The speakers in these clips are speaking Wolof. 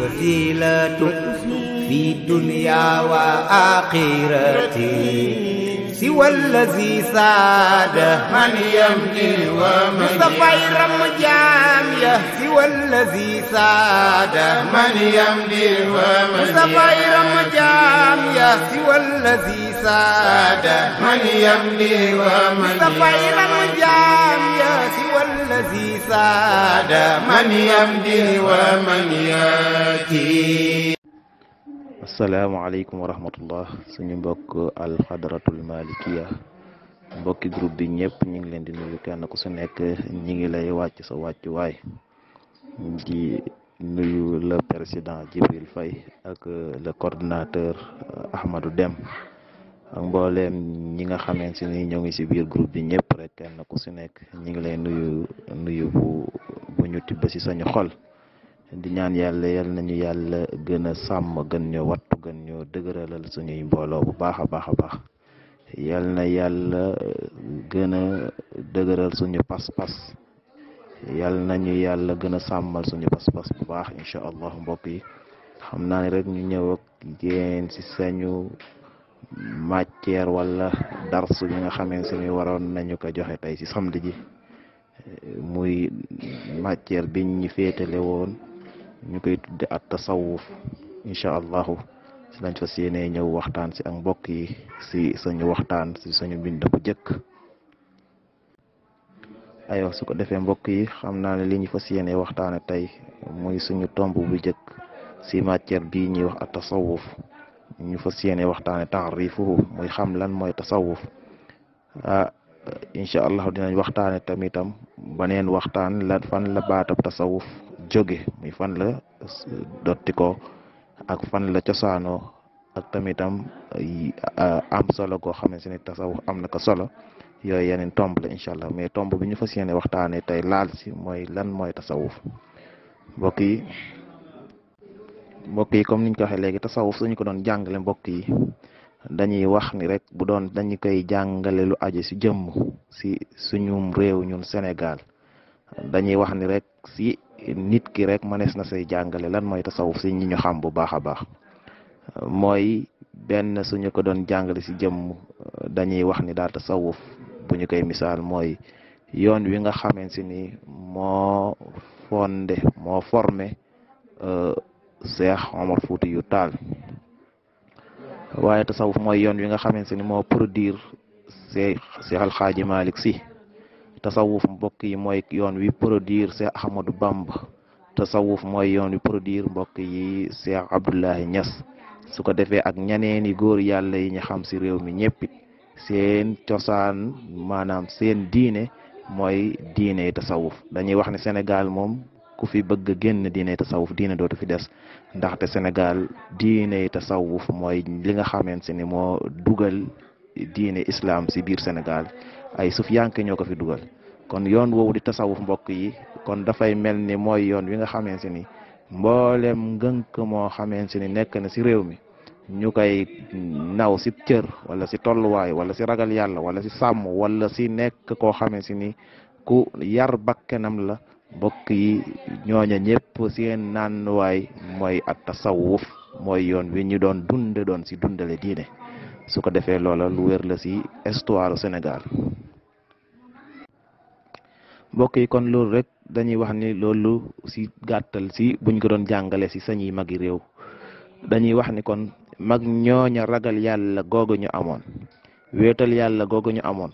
وسيلة في الدنيا وآخرتي سوى الذي ساد من يملي ومن بصفير يا سوى الذي ساد من يملي ومن بصفير يا سوى الذي ساد من يملي ومن بصفير يا الذي سعد من يمضي ومن ياتي asalaamaaleykum wa rahmatullah suñu mbokk alxadratul malikiya mbokki groupe bi ñëpp ñu ngi leen di nuyu kenn ku su nekk ñi ngi lay wàcc sa wàccuwaay di nuyu le président Djibril Faye ak le coordinateur Ahmadou Deme ak mbooleem ñi nga xamante ni ñoo ngi si biir groupe bi ñëpp rek kenn ku si nekk ñi ngi lay nuyu nuyu bu bu ñu tibb si sañu xol di ñaan yàlla yal nañu yàlla gën a sàmm gën ñoo wattu gën ñoo dëgëralal suñuy mbooloo bu baax a baax a baax yal na yàlla gën a dëgëral suñu pas-pas yal nañu yàlla gën a sàmmal suñu pas-pas bu baax incha allah mbokk yi xam naan rek ñu ñëw ak yéen sañu matière wala darsu bi nga xamee si ni waroon ñu ko joxe tey si samedi ji muy matière biñ ñi féetale woon ñu koy tudde at tasawuf incha allahu si lañ fas yéenee ñëw waxtaan si ak mbokk yi si suñu waxtaan si suñu mbind bu jëkk aywa su ko defee mbokk yi xam naa ne li ñu fas yéenee waxtaane tey muy suñu tomb bu jëkk si matière bii ñuy wax at tasawuf ñu fas yéene waxtaane taarifuhu muy xam lan mooy tasawuf ah incha allah dinañ waxtaane tamitam baneen waxtaan la fan la baatab tasawuf jóge muy fan la dottikoo ak fan la cosaanoo ak tamitam am solo koo xamante ne tasawuf am na ko solo yooyu yeneen tomb la incha allah mais tomb bi ñu fas yéene waxtaane tey laal si mooy lan mooy tasawuf mbokk mbokk yi comme niñ ko waxee léegi tasawuf suñu ko don jàngale mbokk yi dañuy wax ni rek bu don dañu koy jàngale lu aji si jëm si suñu rew ñun Senegal dañuy wax ni rek si nit ki rek manes na say jàngale lan moy tasawuf ci ñi ñu xam bu baaxa baax moy ben suñu ko don si jëm dañuy wax ni da tasawuf bu ñu koy misal moy yoon wi nga xamee si ni fondé mo formé euh, Cheikh Omar Fouti yu taal waaye tasawuf mooy yoon wi nga xamante ni moo produire Cheikh Cheikh Alxaaji Malick si tasawuf mbokk yi mooy yoon wi produire Cheikh Ahmadou Bamba tasawuf mooy yoon wi produire mbokk yi Cheikh Abdoulahi Niass su ko defee ak ñeneen i góor yàlla yi ñu xam si réew mi ñëpp it seen cosaan maanaam seen diine mooy diine tasawuf dañuy wax ne Sénégal moom ku fi bëgg a génn diine tasawuf diine dootu fi des ndaxte Sénégal diine tasawuf mooy li nga xamante ni moo dugal diine islam si biir Sénégal ay suuf sufiyanke ñoo ko fi dugal kon yoon woowu di tasawuf mbokk yi kon dafay mel ni mooy yoon wi nga xamante ni mboolem ngënk moo xamante ni nekk na si réew mi ñu koy naw si cër wala si tolluwaay wala si ragal yàlla wala si sàmm wala si nekk koo xamante ni ku yar bakkenam la mbokk yi ñooña ñëpp seen naan waay mooy at tasawuf mooy yoon wi ñu doon dunde doon si dundale diine su ko defee loola lu wér la si histoire Sénégal mbokk yi kon loolu rek dañuy wax ni loolu si gàttal si buñ ko doon jàngale si sañi magi réew dañuy wax ni kon mag ñooña ragal yàlla googu ñu amoon wéetal yàlla googu ñu amoon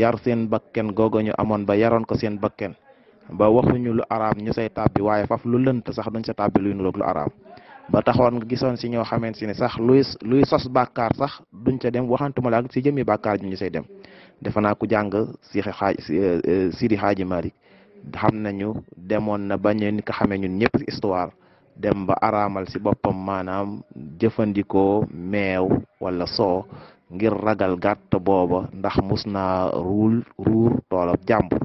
yar seen bakken googu ñu amoon ba yaroon ko seen bakken ba ñu lu arab ñu say tabbi waye faf lu leunt sax duñ ci tabbi luy nuroog lu sah ba taxoon nga gisoon ci ñoo xamanteni sax luy luy sos bakkar sax duñ ci dem waxantuma la ci jëmi bakkar ñu say dem defana ku jàng si xaaj euh, euh, sidi malik xam nañu demone na bañe ni ka xamee ñun ñepp histoire dem ba aramal ci bopam manam jëfëndiko meew wala so ngir ragal gatt booba ndax musna rur tolop jambu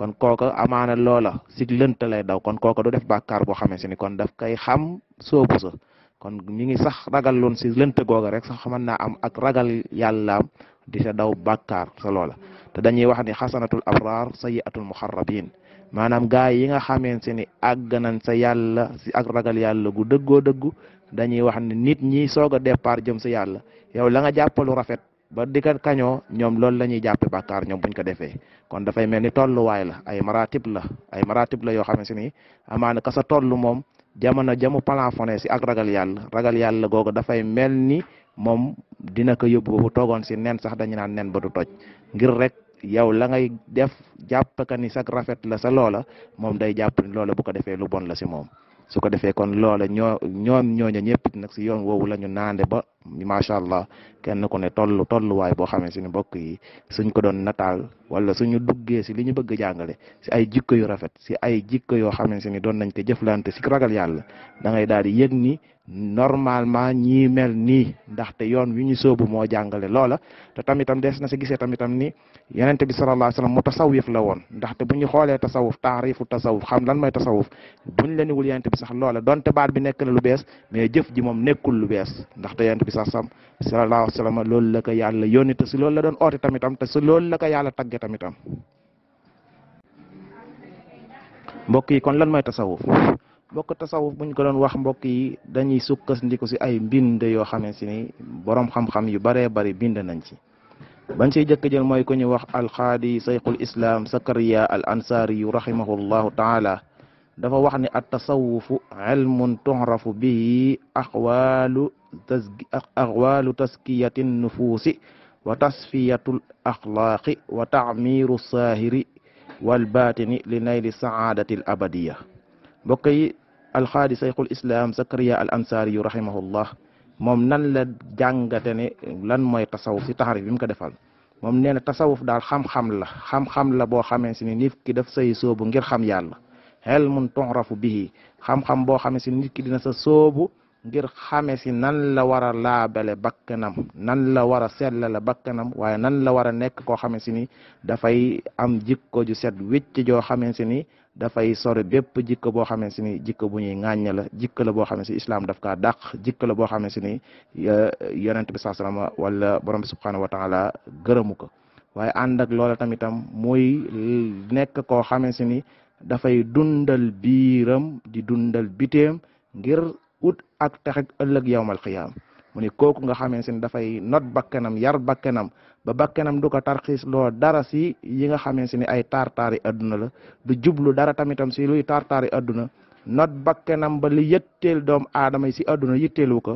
kon koka amana lola ci lënt lay daw kon koka du def bakar bo xamé si ni kon daf kay xam soobu so kon ñi ngi sax ragal lon ci lënt goga rek sax mën na am ak ragal yalla di sa daw bakar sa lola te dañuy wax ni hasanatul abrar sayyatul muharrabin manam gaay yi nga xamé se ni àgg nañ sa yalla si ak ragal yalla gu deggo deggu dañuy wax ni nit ñi soga départ jëm sa yalla yow la nga jappalu rafet ba di ko ñoom loolu la ñuy jàppe bàkkaar ñoom buñ ko defee kon dafay mel ni tolluwaay la ay maratib la ay maratib la yoo xamante ni amaana ka sa toll moom jamono jamu plafonné si ak ragal yàlla la yàlla dafay mel ni moom dina ko yóbbu bu toogoon si nen sax dañu naan nen ba du toj ngir rek yow la ngay def jàpp ka ni sag rafet la sa loola moom day jàpp ni loola bu ko defee lu bon la si moom su ko defee kon loola ñoo ñoom ñooña ñëpp nag si yoon woowu la ñu naande ba macha allah kenn ku ne toll tolluwaay boo xamee suñu mbokk yi suñ ko doon nataal wala suñu duggee si li ñu bëgg jàngale si ay jikko yu rafet si ay jikko yoo xamante ni doon nañ ko jëflante si ragal yàlla da daal di normalement ñii mel nii ndaxte yoon wi ñu sóobu moo jàngale loola te tamitam des na si gisee tamitam ni yonente bi sallallahu alayhi wasallam mu tasawuf la woon ndaxte bu ñu xoolee tasawuf taarifu tasawuf xam lan mooy tasawuf buñ la niwul yonente bi sax loola donte baat bi nekk na lu bees mais jëf ji moom nekkul lu bees ndaxte yonente bi sax sam sallallahu alayhi wasallam loolu la ko yàlla yónni te si loolu la doon oote tamitam ta si loolu la ko yàlla tagge tamitam mbokk yi kon lan mooy tasawuf bokk tasawuf buñ ko doon wax mbokk yi dañuy sukkandiku si ay mbind yoo xamee si ni borom xam-xam yu bare bari bind nañ ci bañ siy jëkk jël mooy ku ñu wax alxaadi sayxul islam sakariya al ansaari yu rahimahullahu taala dafa wax ni at tasawufu ilmun tuxrafu bihi aqwaalu aqwaalu taskiyati nufuusi wa tasfiyatu axlaaqi wa tamiru saahiri wal baatini li nayli saadati al abadiya mbokk yi alxaadi sayxul islaam zakariya al ansaari yu rahimahullah moom nan la jàngate ne lan mooy tasawuf si taxarif bi mu ko defal moom nee na tasawuf daal xam-xam la xam-xam la boo xamee si ni nit ki daf say soobu ngir xam yàlla xel mun tonrafu bihi xam-xam boo xamee si nit ki dina sa soobu ngir xamee si nan la war a laabale bakkanam nan la war a sellale bakkanam waaye nan la war a nekk koo xamee ni dafay am jikko ju set wécc joo xamee ni dafay sore bépp jikko boo xamee si ni jikko bu ñuy ŋàññe la jikko la boo xamee si islam daf ka dàq jikko la boo xamee ni yonent bi saa wala borom bi subhanahu wa taala gërëmu ko waaye ànd ak loola tamitam muy nekk koo xamee si ni dafay dundal biiram di dundal biteem ngir ut ak texek ëllëg yowmal xiyaam mu ni kooku nga xamee ni dafay not bakkanam yar bakkenam ba bakkenam du ko tarxiis loo dara si yi nga xamee si ne ay tartaari adduna la du jublu dara tamitam si luy tartaari adduna not bakkanam ba li yëtteel doom aadama yi si adduna yëtteelu ko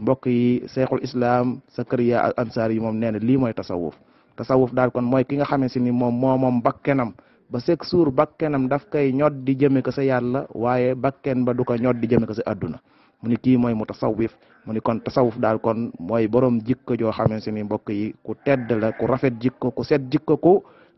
mbokk yi seexul islaam Sakariya al ansaar yi moom nee na lii mooy tasawuf tasawuf daal kon mooy ki nga xamee si ni moom moo moom bakkenam ba sek suur bakkenam daf koy ñod di jëme ko sa yàlla waaye bakken ba du ko ñod di jëme ko sa adduna mu ni kii mooy mu tasawif mu ni kon tasawuf daal kon mooy boroom jikko joo xamante ni mbokk yi ku tedd la ku rafet jikko ku set jikko ku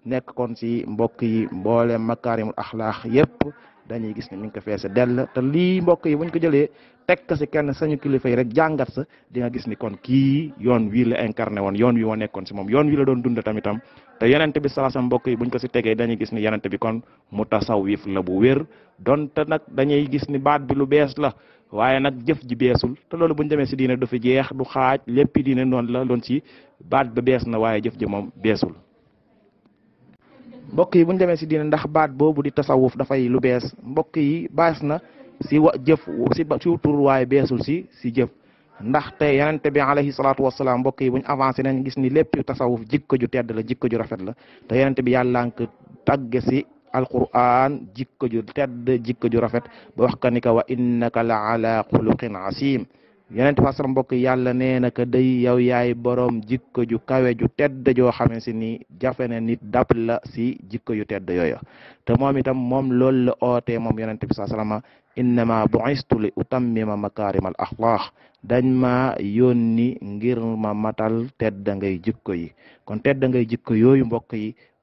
nekk kon si mbokk yi mboole makaarimul axlaax yépp dañuy gis ne mi ngi ko feese dell te lii mbokk yi buñ ko jëlee tekk si kenn sañu kilifa yi rek jàngat sa di gis ni kon kii yoon wii la incarné woon yoon wi moo moom yoon wi la doon dund tamitam te yonent bi salaasam mbokk yi buñ ko ci tege dañuy gis ni yonent bi kon mutasawif la bu wér donte nak dañuy gis ni baat bi lu bes la waye nak jëf ji besul te lolu buñ demee ci diina du fi jeex du xaj lepp diina non la don ci baat ba bes na waye jëf ji mom besul mbok yi buñ si diina ndax baat bobu di tasawuf fay lu bes mbok yi bas na si jëf si tur waye besul si si jëf ndaxte yonente bi alayhi salaatu wasalaam mbokk yi bu ñu avancé nañ gis ni lépp tasawuf jikko ju tedd la jikko ju rafet la te yonente bi yàlla ngi tàgg si alquran jikko ju tedd jikko ju rafet ba wax ni ka wa innaka la ala xuluqin asim yonent fa salam mbokk yàlla nee na ka day yow yaay borom jikko ju kawe ju tedd joo xamee ni jafe na nit dàpp la si jikko yu tedd yooya te moom itam moom loolu la ootee moom yonent bi saa salama innama bu'istu li utammima makaarimal axlaaq dañ ma yónni ngir ma matal tedd ngay jikko yi kon tedd ngay jikko yooyu mbokk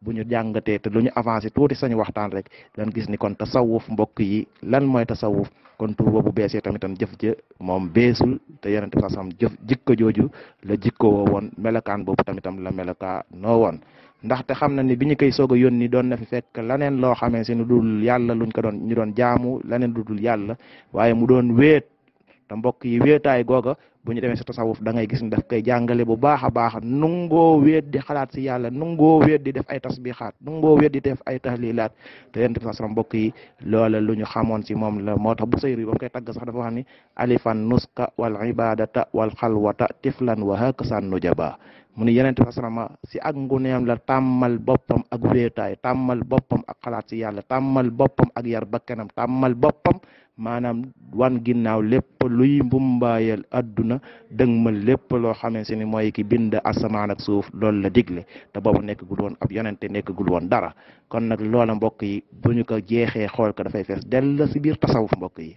bu ñu jàngatee te lu ñu avancé tuuti sañu waxtaan rek lan gis ni kon tasawuf mbokk yi lan mooy tasawuf kon tuuba bu beesee tamitam jëf ja moom beesul te yonente bi sam jëf jikko jooju la jikko woo woon melokaan boobu tamitam la melokaa no woon ndaxte xam na ni bi ñu koy soog a yónni doon na fi fekk laneen loo xamee si nu dul yàlla luñ ko doon ñu doon jaamu laneen lu dul yàlla waaye mu doon wéet da mbok yi wetaay goga bu ñu demee si tasawuf da ngay gis ni daf koy jàngale bu baaxa baax nungo di xalaat si yalla nungo wéet di def ay tasbihat nungo di def ay tahlilat te yent bi sallam mbok yi loolu lu ñu si la motax bu sayri sax dafa wax alifan nuska wal ibadata wal khalwata tiflan wa hakasan nujaba mu yenen yonent si ak nguneem la tamal bopam ak wetaay tamal bopam ak xalaat si tamal bopam ak yar bakkanam tamal bopam maanaam wan ginnaaw lépp luy mbumbaayal adduna dëgmal lépp loo xamante ni mooy ki bind asamaan ak suuf loolu la digle te boobu nekkagul woon ab yonante nekkagul woon dara kon nag loola mbokk yi bu ñu ko jeexee xool ko dafay fees dell si biir tasawuf mbokk yi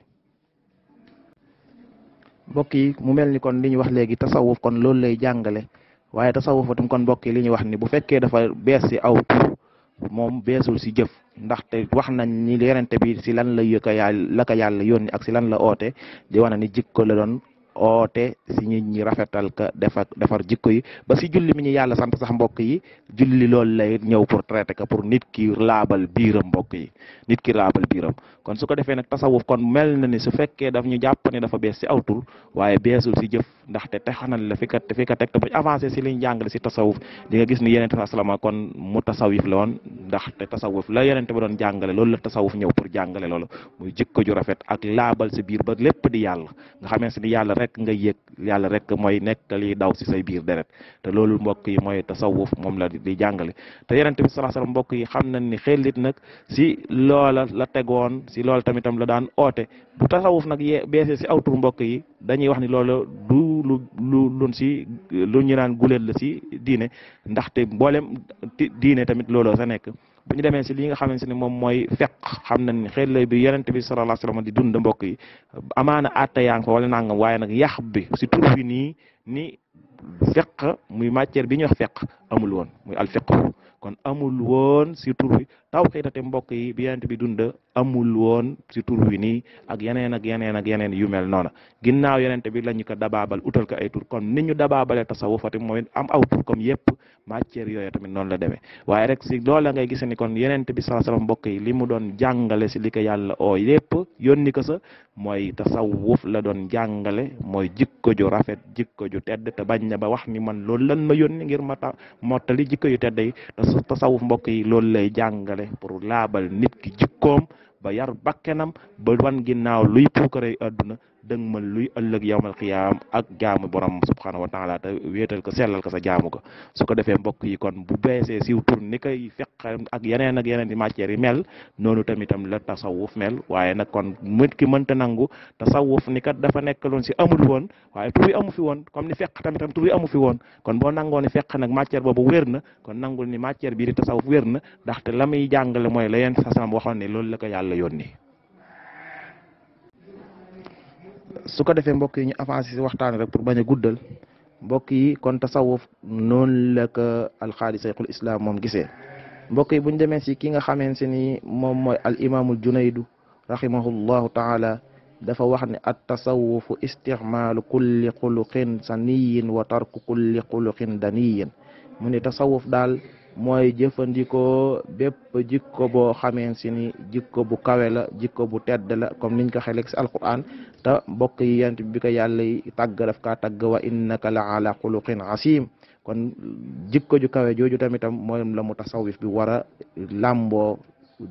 mbokk yi mu mel ni kon li ñu wax léegi tasawuf kon loolu lay jàngale waaye tasawuf atum kon mbokk yi li ñu wax ni bu fekkee dafa bees si aw tur moom beesul si jëf ndaxte wax nañ ni yonente bi si lan la yëkka yàlla la ko yàlla yónni ak si lan la oote di wax na ni jikko la doon oote si ñi ñi rafetal ka defar defar jikko yi ba si julli mi ñi yalla sant sax mbokk yi julli lool lay ñew pour traiter ka pour nit ki label biiram mbokk yi nit ki label biiram kon su ko tasawuf kon mel na ni su fekke daf ñu japp ni dafa bes ci awtul waye besul ci si ndax te taxanal la fi ka fi ka teg te liñ jàngale ci tasawuf di nga gis ni sallama kon mu tasawuf la ndax te tasawuf la yenen ba doon jangale lool la tasawuf ñew pour jangale lool muy jikko ju rafet ak label ci biir ba lepp di yalla nga xamé si ni yalla rek rek nga yëg yàlla rek mooy nekk te liy daw si say biir deret te loolu mbokk yi mooy tasawuf moom la di jàngale te yonente bi sallallahu mbokk yi xam nañ ni xellit nag si loola la tegoon si loola tamitam la daan oote bu tasawuf nag yee si aw tur mbokk yi dañuy wax ni loola du lu si lu ñu naan guléet la si diine ndaxte mboolem diine tamit loolo sa nekk bu ñu demee si li nga xamante ne moom mooy feq xam nañ ne xel bi yonent bi sallallahu alayhi wasallam di dund mbokk yi amaana atta yaa ngi fa wala nangam waaye nag yàq bi si tur bi nii ni feq muy matière bi ñu wax feq amul woon muy al fiqh kon amul woon si tur bi tawxiidati mbokk yi bi yent bi dund amul won ci tour wi ni ak yenen ak yenen ak yenen yu mel noona ginnaaw yonent bi lañu ko dabaabal outal ko ay tour kon niñu dababalé tasawufati mooy am aw tour comme yépp matière yooyu tamit non la démé waye rek si loola ngay gis kon yonent bi sallallahu alayhi wasallam mbokk yi limu don jangalé ci lika yalla o yépp yonni ko sa moy tasawuf la don jangalé moy jikko ju rafet jikko ju tedd te bañ na ba wax ni man loolu lan ma yonni ngir ma motali jikko yu tedd yi tasawuf mbokk yi loolu lay jàngale pour laabal nit ki jikkoom ba yar bakkenam ba wan ginnaaw luy puukaree àdduna dëgmal luy ëllëg yawmal qiyaam ak jaamu borom subxanahu wa taala te wéetal ko sellal ko sa jaamu ko su ko defee mbokk yi kon bu beesee siiw tur ni koy feqe ak yeneen ak yeneen i matières yi mel noonu tamitam la tasawuf meel waaye nag kon nit ki mënta nangu tasawuf ni kat dafa nekk loon si amul woon waaye tur bi amu fi woon comme ni feq tamitam tur bi amu fi woon kon boo nangoo ni feq nag matière boobu wér na kon nangul ni matière bii di tasawuf wér na ndaxte la muy jàngale mooy la yeen sasam waxoon ne loolu la ko yàlla yónni su ko defee mbokk yi ñu avancé si waxtaan rek pour bañ a guddal mbokk yi kon tasawuf noonu la ko alxaali sayxul islam moom gisee mbokk yi bu ñu demee si ki nga xameen si ni moom mooy al imaamul junaydu rahimahullahu taala dafa wax ne at tasawufu istixmaalu kulli xuluqin saniyin wa tarku kulli xuluqin daniyin mu ne tasawuf daal Moy jëfëndiko bëpp jikko bo xamé si ni jikko bu kawé la jikko bu tedd la comme niñ ko xélé ci alquran ta mbokk yi yant bi ko yalla yi daf ka tàgg wa innaka la ala xuluqin asim kon jikko ju kawé joju tamitam moy la mu tasawif bi wara lambo làmboo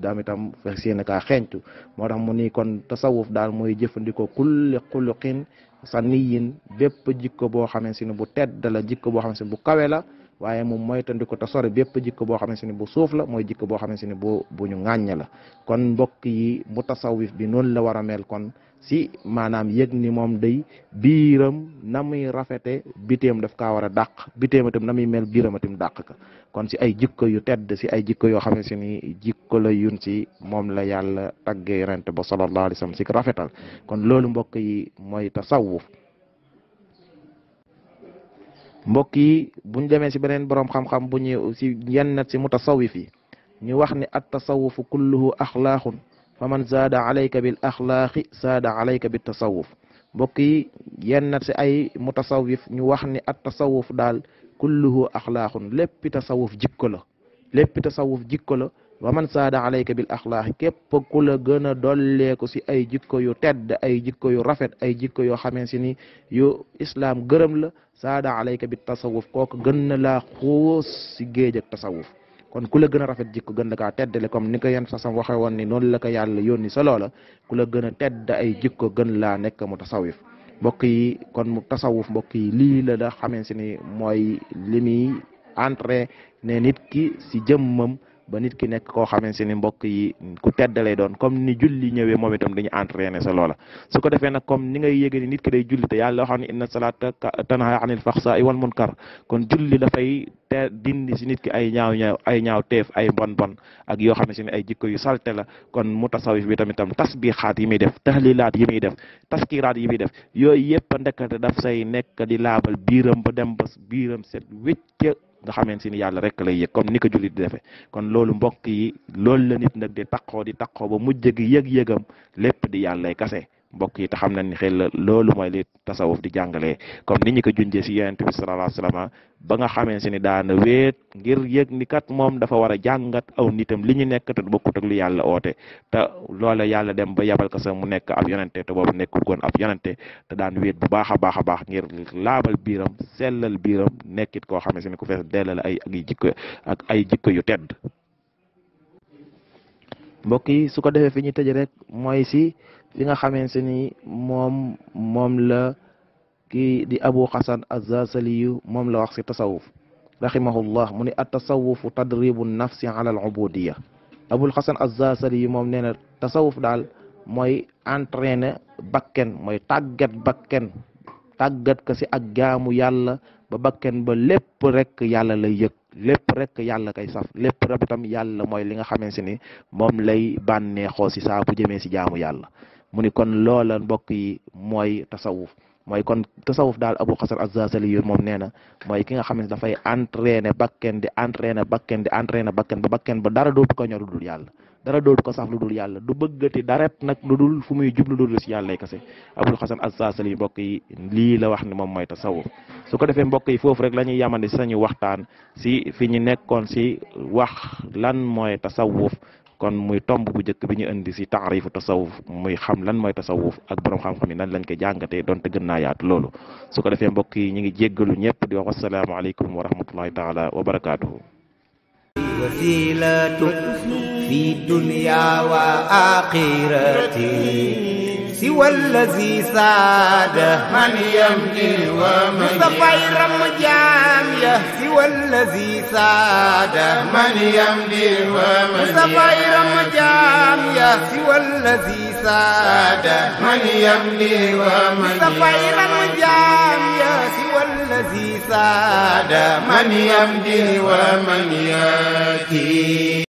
damitam fexena ka xentu xeeñtu mu ni kon tasawuf dal moy jëfëndiko kul khuluqin saniyin bépp jikko bo xamé si ni bu tedd la jikko bo xamé si bu kawé la waaye moom moytandiku te sori bépp jikko boo xamante ne bu suuf la mooy jikko boo xamante ne bu bu ñu ŋàññe la kon mbokk yi mu tasawif bi noonu la war a mel kon si maanaam yëg ni moom day biiram na muy rafete biteem daf kaa war a dàq biteem itam na muy mel biiram itam dàq ka kon si ay jikko yu tedd si ay jikko yoo xamante ni jikko la yun si moom la yàlla tagge yonent ba sallallahu alayhi si rafetal kon loolu mbokk yi mooy tasawuf mbokki buñ démé ci benen borom xam-xam buñ ñu si yenn si mutasawif yi ñu wax ni at tasawufu kulluhu axlaaqun faman zada alayka bil akhlaq zaada alayka bit tasawuf mbokki yi yenn si ay mutasawwif ñu wax ni at tasawuf dal kulluhu axlaaqun lepp tasawuf jikko la lepp tasawuf jikko la wa man saada alayka bil axlaaxi képp ku la gën a dolleeku si ay jikko yu tedd ay jikko yu rafet ay jikko yoo xamee ni yu islaam gërëm la saada alayka bi tasawuf kooku gën na laa xuus si géej ak tasawuf kon ku la gën a rafet jikko gën la kaa teddale comme ni ko yenn sasam waxe woon ni noonu la ko yàlla yónni sa loola ku la gën a tedd ay jikko gën laa nekk mu tasawif mbokk yi kon mu tasawuf mbokk yi lii la la xamee ni mooy li muy entré ne nit ki si jëmmam ba nit ki nekk koo xamante ni mbokk yi ku tedd lay doon comme ni julli ñëwee moom itam dañu entraîné sa loola su ko defee nag comme ni ngay yéege ni nit ki day julli te yàlla xam ne inna salaata tanha anil faxsaa wal munkar kon julli dafay te dindi si nit ki ay ñaaw ñaaw ay ñaaw teef ay bon bon ak yoo xam ne si ne ay jikko yu salte la kon mu tasawif bi tamit tam tasbixaat yi muy def tahlilaat yi muy def taskiraat yi muy def yooyu yëpp a ndekkate daf say nekk di laabal biiram ba dem ba biiram set wécc nga xamante ni yàlla rek lay yëg comme ni ko jullit di defee kon loolu mbokk yi loolu la nit nag di taqoo di taqoo ba mujj gi yëg-yëgam lépp di yàllay kase mbokk yi xam na ni xel la loolu mooy li tasawuf di jàngalee comme ni ñu ko junjee si yonent bi sallallahu alayhi wasallam ba nga xamee si ni daana wéet ngir yëg ni kat moom dafa war a jàngat aw nitam li ñu nekk te bokkut ak lu yàlla oote te loola yàlla dem ba yabal ko sa mu nekk ab yonente te boobu nekkul woon ab yonente te daan wéet bu baax a baax a baax ngir laabal biiram sellal biiram nekkit koo xamee si ni ku fees dellal ay ak jikko ak ay jikko yu tedd mbokk rek mooy si li nga xamante ni moom moom la kii di abu xasan azazaliyu moom la wax si tasawuf rahimahullah mu ni at tasawufu tadribu nafsi ala al ubudiya abul xasan azazaliyu moom nee na tasawuf daal mooy entraîner bakken mooy tàggat bakken tàggat ko si ak jaamu yàlla ba bakken ba lépp rek yàlla lay yëg lépp rek yàlla kay saf lépp rek itam yàlla mooy li nga xamante ni moom lay bànneexoo si saa bu jëmee si jaamu yàlla mu ni kon loola mbokk yi mooy tasawuf mooy kon tasawuf daal abul xasan azazali yu moom nee na mooy ki nga xam ne dafay ba bakken di entraîner bakken di entraîner bakken ba bakken ba dara dootu ko ñor dul yàlla dara dootu ko saf lu dul yàlla du bëggati daret nag lu dul fu muy jub lu dul si yàlla kese abul xasan azazali mbokk yi lii la wax ne moom mooy tasawuf su ko defee mbokk yi foofu rek la ñuy yamandi si sañu waxtaan si fi ñu nekkoon si wax lan mooy tasawuf kon muy tomb bu njëkk bi ñu indi si taarifu tasawuf muy xam lan mooy tasawuf ak borom xam-xam yi nan lañ koy jàngatee donte gën naa yaatu loolu su ko defee mbokk yi ñu ngi jéggalu ñëpp di wax wasalaamaaleykum wa rahmatullahi taala wa barakaatuhu سوى الذي ساده من يمني ومن يصفى رم جامية سوى الذي ساده من يمني ومن يصفى رم جامية سوى الذي ساده من يمني ومن يصفى رم جامية سوى الذي ساده من يمني ومن ياتي